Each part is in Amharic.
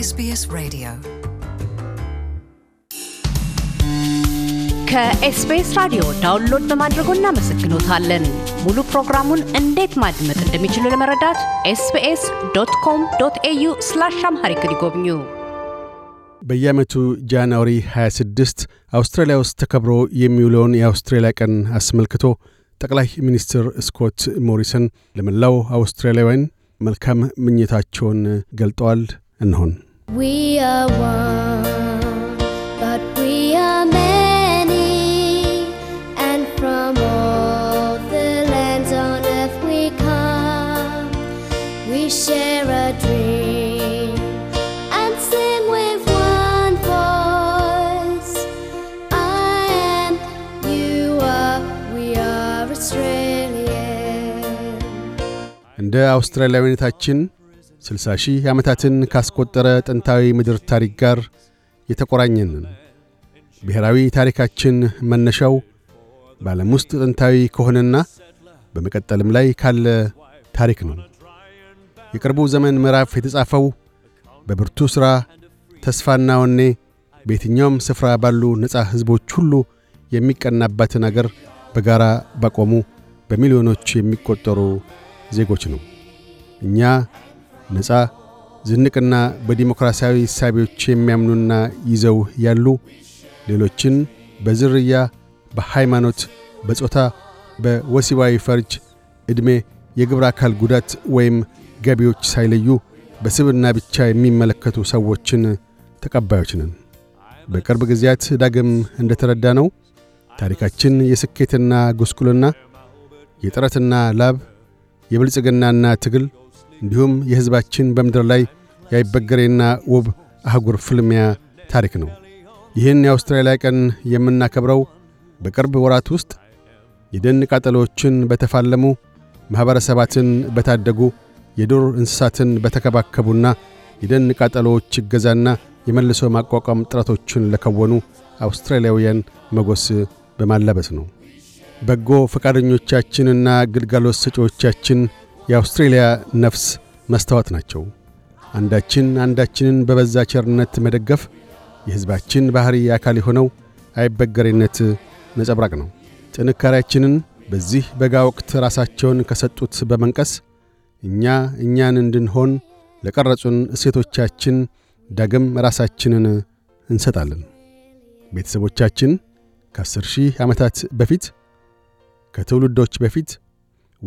ኤስቢኤስ ሬዲዮ ከኤስቢኤስ ራዲዮ ዳውንሎድ በማድረጎ እናመሰግኖታለን። ሙሉ ፕሮግራሙን እንዴት ማድመጥ እንደሚችሉ ለመረዳት ኤስቢኤስ ዶት ኮም ዶት ኤዩ ስላሽ አምሃሪክ ይጎብኙ። በየዓመቱ ጃንዋሪ 26 አውስትራሊያ ውስጥ ተከብሮ የሚውለውን የአውስትራሊያ ቀን አስመልክቶ ጠቅላይ ሚኒስትር ስኮት ሞሪሰን ለመላው አውስትራሊያውያን መልካም ምኞታቸውን ገልጠዋል። We we are are one, but many, and from all the lands on earth We come. We share dream and sing with one, but we are Australian. And many. እንደ አውስትራሊያዊነታችን 60 ሺህ ዓመታትን ካስቆጠረ ጥንታዊ ምድር ታሪክ ጋር የተቆራኘንን ብሔራዊ ታሪካችን መነሻው በዓለም ውስጥ ጥንታዊ ከሆነና በመቀጠልም ላይ ካለ ታሪክ ነው። የቅርቡ ዘመን ምዕራፍ የተጻፈው በብርቱ ሥራ ተስፋና ወኔ በየትኛውም ስፍራ ባሉ ነፃ ሕዝቦች ሁሉ የሚቀናባትን አገር በጋራ ባቆሙ በሚሊዮኖች የሚቆጠሩ ዜጎች ነው። እኛ ነፃ ዝንቅና በዲሞክራሲያዊ ሳቢዎች የሚያምኑና ይዘው ያሉ ሌሎችን በዝርያ፣ በሃይማኖት፣ በጾታ፣ በወሲባዊ ፈርጅ፣ ዕድሜ፣ የግብረ አካል ጉዳት ወይም ገቢዎች ሳይለዩ በስብና ብቻ የሚመለከቱ ሰዎችን ተቀባዮች ነን። በቅርብ ጊዜያት ዳግም እንደ ተረዳ ነው ታሪካችን የስኬትና ጉስቁልና፣ የጥረትና ላብ፣ የብልጽግናና ትግል እንዲሁም የሕዝባችን በምድር ላይ ያይበገሬና ውብ አህጉር ፍልሚያ ታሪክ ነው። ይህን የአውስትራሊያ ቀን የምናከብረው በቅርብ ወራት ውስጥ የደን ቃጠሎዎችን በተፋለሙ ማኅበረሰባትን በታደጉ የዱር እንስሳትን በተከባከቡና የደን ቃጠሎዎች እገዛና የመልሶ ማቋቋም ጥረቶችን ለከወኑ አውስትራሊያውያን መጎስ በማላበስ ነው። በጎ ፈቃደኞቻችንና ግልጋሎት ሰጪዎቻችን የአውስትሬልያ ነፍስ መስታወት ናቸው። አንዳችን አንዳችንን በበዛ ቸርነት መደገፍ የሕዝባችን ባሕሪ አካል የሆነው አይበገሬነት ነጸብራቅ ነው። ጥንካሬያችንን በዚህ በጋ ወቅት ራሳቸውን ከሰጡት በመንቀስ እኛ እኛን እንድንሆን ለቀረጹን እሴቶቻችን ዳግም ራሳችንን እንሰጣለን። ቤተሰቦቻችን ከአስር ሺህ ዓመታት በፊት ከትውልዶች በፊት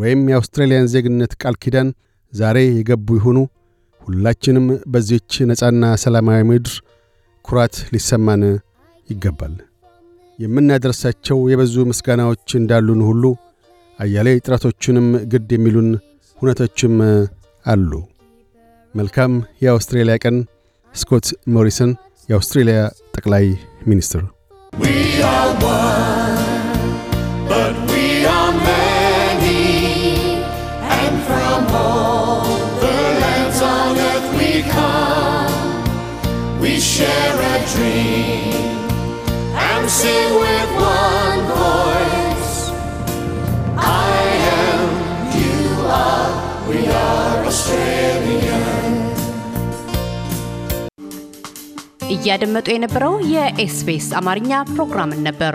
ወይም የአውስትራሊያን ዜግነት ቃል ኪዳን ዛሬ የገቡ ይሁኑ ሁላችንም በዚች ነፃና ሰላማዊ ምድር ኩራት ሊሰማን ይገባል። የምናደርሳቸው የበዙ ምስጋናዎች እንዳሉን ሁሉ አያሌ ጥረቶችንም ግድ የሚሉን ሁነቶችም አሉ። መልካም የአውስትሬልያ ቀን። ስኮት ሞሪሰን የአውስትሬልያ ጠቅላይ ሚኒስትር call, the lands on earth we come. We share a dream and sing with one voice. I am, you are, we are Australian. እያደመጡ የነበረው የኤስቢኤስ አማርኛ ፕሮግራምን ነበር።